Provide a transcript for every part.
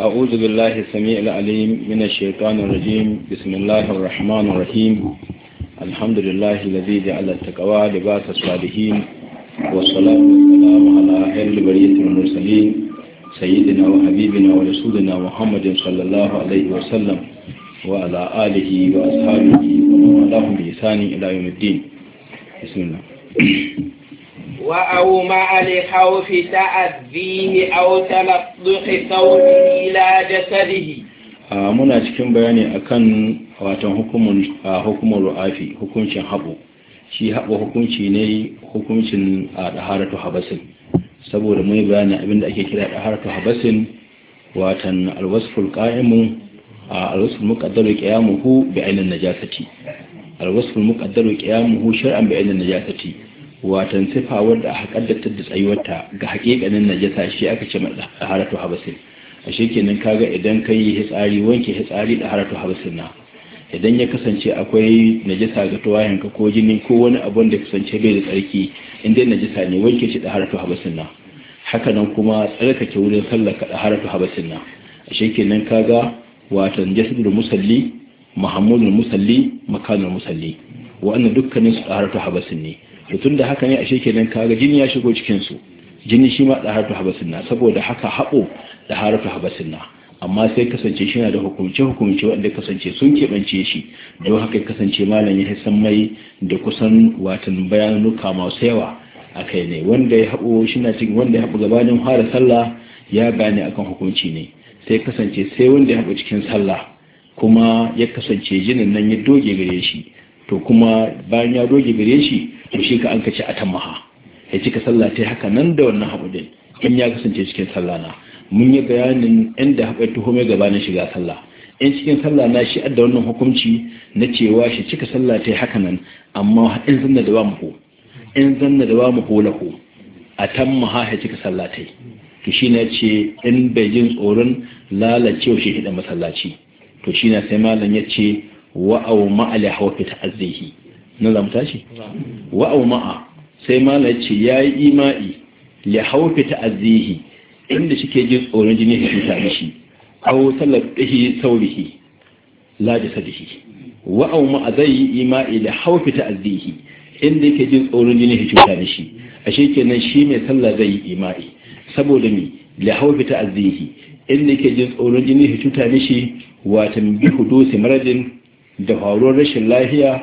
أعوذ بالله السميع العليم من الشيطان الرجيم بسم الله الرحمن الرحيم الحمد لله الذي جعل التقوى لباس الصالحين والصلاة والسلام على خير برية المرسلين سيدنا وحبيبنا ورسولنا محمد صلى الله عليه وسلم وعلى آله وأصحابه ومن والاهم بإحسان إلى يوم الدين بسم الله وأومع لخوف تأذيه أو تلطخ ثوبه إلى جسده muna cikin bayani akan watan hukumun hukumar ru'afi hukuncin haɓo shi haɓo hukunci ne hukuncin a ɗaharatu habasin saboda mai bayani abinda ake kira ɗaharatu habasin watan alwasful ƙa'imu alwasful muƙaddaru ƙiyamuhu bi ainin najasati alwasful muƙaddaru ƙiyamuhu shar'an bi ainin najasati watan sifa wanda aka kaddatar da tsayuwarta ga hakikanin najasa shi aka ce mai haratu habasin a shekinin kaga idan ka yi hitsari wanke hitsari da haratu habasin na idan ya kasance akwai najasa ga tuwayenka ko jini ko wani abun da kasance bai da tsarki inda najasa ne wanke shi da haratu habasin na haka nan kuma tsarkake wurin sallar ka da haratu habasin na a shekinin kaga watan jasadul musalli mahamudul musalli makanul musalli wa'annan dukkanin su ɗaharatu habasin ne da tun haka ne a nan kaga jini ya shigo cikinsu jini shi ma ɗaharatu habasin na saboda haka haɓo ɗaharatu habasin na amma sai kasance shi na da hukumce-hukumce wanda kasance sun keɓance shi don haka kasance malam ya san mai da kusan watan bayanuka masu yawa a kai ne wanda ya haɓo shi na cikin wanda ya haɓo gabanin fara sallah ya gane akan hukunci ne sai kasance sai wanda ya haɓo cikin sallah kuma ya kasance jinin nan ya doge gare shi to kuma bayan ya doge gare shi to shi ka an kace a tammaha ya cika sallah ta haka nan da wannan din in ya kasance cikin sallah na mun yi bayanin inda haɓar tuhume gaba na shiga sallah in cikin sallah na shi da wannan hukunci na cewa shi cika sallah ta haka nan amma in zanna da ba mu ko in zanna da ba mu ko lako a tammaha ya cika sallah ta to shi na ce in bai jin tsoron lalacewa shi hidan masallaci to shi na sai malam ya ce wa au ma'a li hawfi ta'azzihi nan zamu tashi wa ma'a sai malai ce yayi ima'i li hawfi ta'azzihi inda shike jin tsoron jini shi ta shi aw talabihi saurihi la jasadihi wa au ma'a zai yi ima'i li hawfi ta'azzihi inda yake jin tsoron jini shi ta shi ashe kenan shi mai sallah zai yi ima'i saboda ni li hawfi ta'azzihi inda yake jin tsoron jini shi ta mishi watan bi hudusi maradin da faruwar rashin lafiya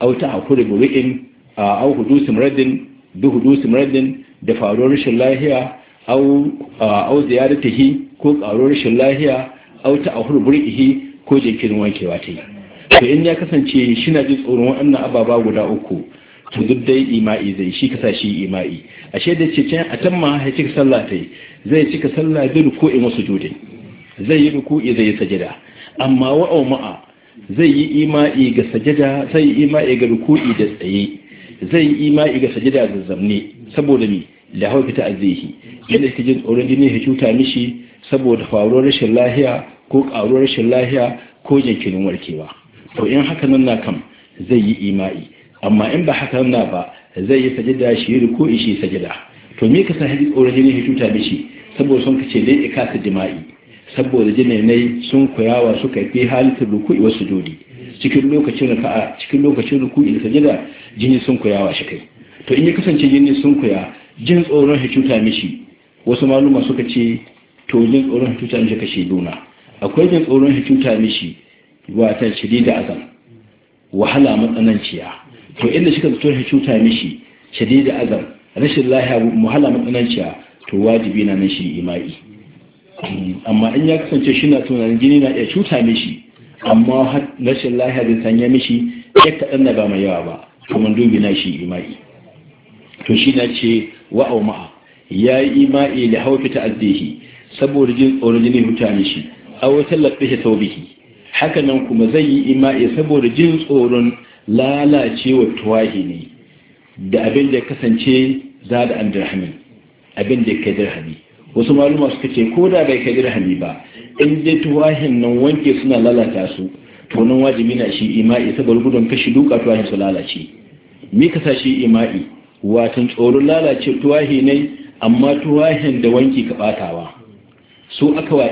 a ta hakuri buru'in au hudu muradin bi hudusi muradin da faruwar rashin lafiya au au hi ko karuwar rashin lafiya au a ahuru buru'ihi ko jinkirin wankewa wata yi to in ya kasance shi na ji tsoron wannan ababa guda uku to duk dai ima'i zai shi kasa shi ima'i ashe shaidar ce can a tamma ya cika sallah ta yi zai cika sallah bi ruku'i wasu jude zai yi ruku'i zai yi sajida amma wa'au ma'a zai yi ima'i ga sajada zai yi ima'i ga ruku'i da tsaye zai yi ima'i ga sajada da zamne saboda ni da a ta azihi yadda yake jin tsoron jini ya cuta mishi saboda faruwar rashin lahiya ko karuwar rashin lahiya ko jinkirin warkewa to in haka nan na kam zai yi ima'i amma in ba haka nan ba zai yi sajada shi ruku'i shi sajada to me ka sa hadi tsoron jini ya cuta mishi saboda son ka ce ka ka jima'i saboda jinanai sun kuyawa suka fi halittar ruku'i wasu jodi, cikin lokacin ka'a cikin lokacin ruku'i da sajada jini sun kuyawa shi kai to in ya kasance jini sun kuya jin tsoron shi cuta mishi wasu maluma suka ce to jin tsoron shi cuta mishi kashe duna akwai jin tsoron shi cuta mishi wata da azam wahala matsananciya to inda shi ka tsoron shi cuta mishi da azam rashin lahiya wahala matsananciya to wajibi na nan shi ima'i amma in ya kasance shi na tunanin jini na iya cuta mishi amma rashin lahiyar da sanya mishi ya kaɗan na ba mai yawa ba kuma dubi na shi ima'i to shi na ce wa'au ma'a ya yi ima'i da haufi ta'addihi saboda jin tsoron jini huta mishi aw tallafi shi sau haka hakanan kuma zai yi ima'i saboda jin tsoron lalacewa tuwahi ne da abin da kasance za da an dirhamin abin da kai dirhami wasu maluma suka ce ko da bai kai dirhami ba in dai tuwahin nan wanke suna lalata su to nan wajibi na shi ima'i saboda gudun kashi duka tuwahin su lalace me ka sa shi ima'i watan tsoron lalace tuwahi ne amma tuwahin da wanki ka batawa su aka wa